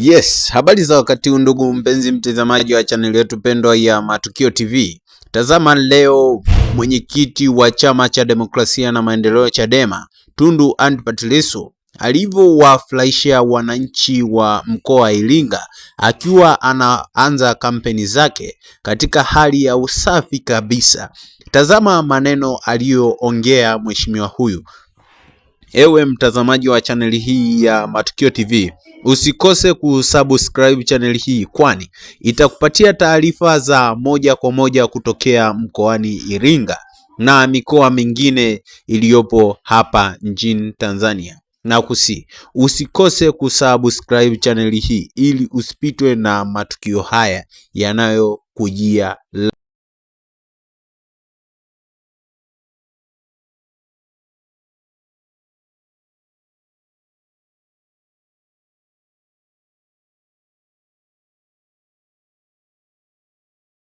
Yes, habari za wakati huu ndugu mpenzi mtazamaji wa chaneli yetu pendwa ya Matukio TV. Tazama leo mwenyekiti wa Chama cha Demokrasia na Maendeleo Chadema, Tundu Antipas Lissu alivyowafurahisha wananchi wa mkoa wa Iringa akiwa anaanza kampeni zake katika hali ya usafi kabisa. Tazama maneno aliyoongea mheshimiwa huyu Ewe mtazamaji wa chaneli hii ya Matukio TV, usikose kusubscribe chaneli hii, kwani itakupatia taarifa za moja kwa moja kutokea mkoani Iringa na mikoa mingine iliyopo hapa nchini Tanzania, na kusi usikose kusubscribe chaneli hii ili usipitwe na matukio haya yanayokujia.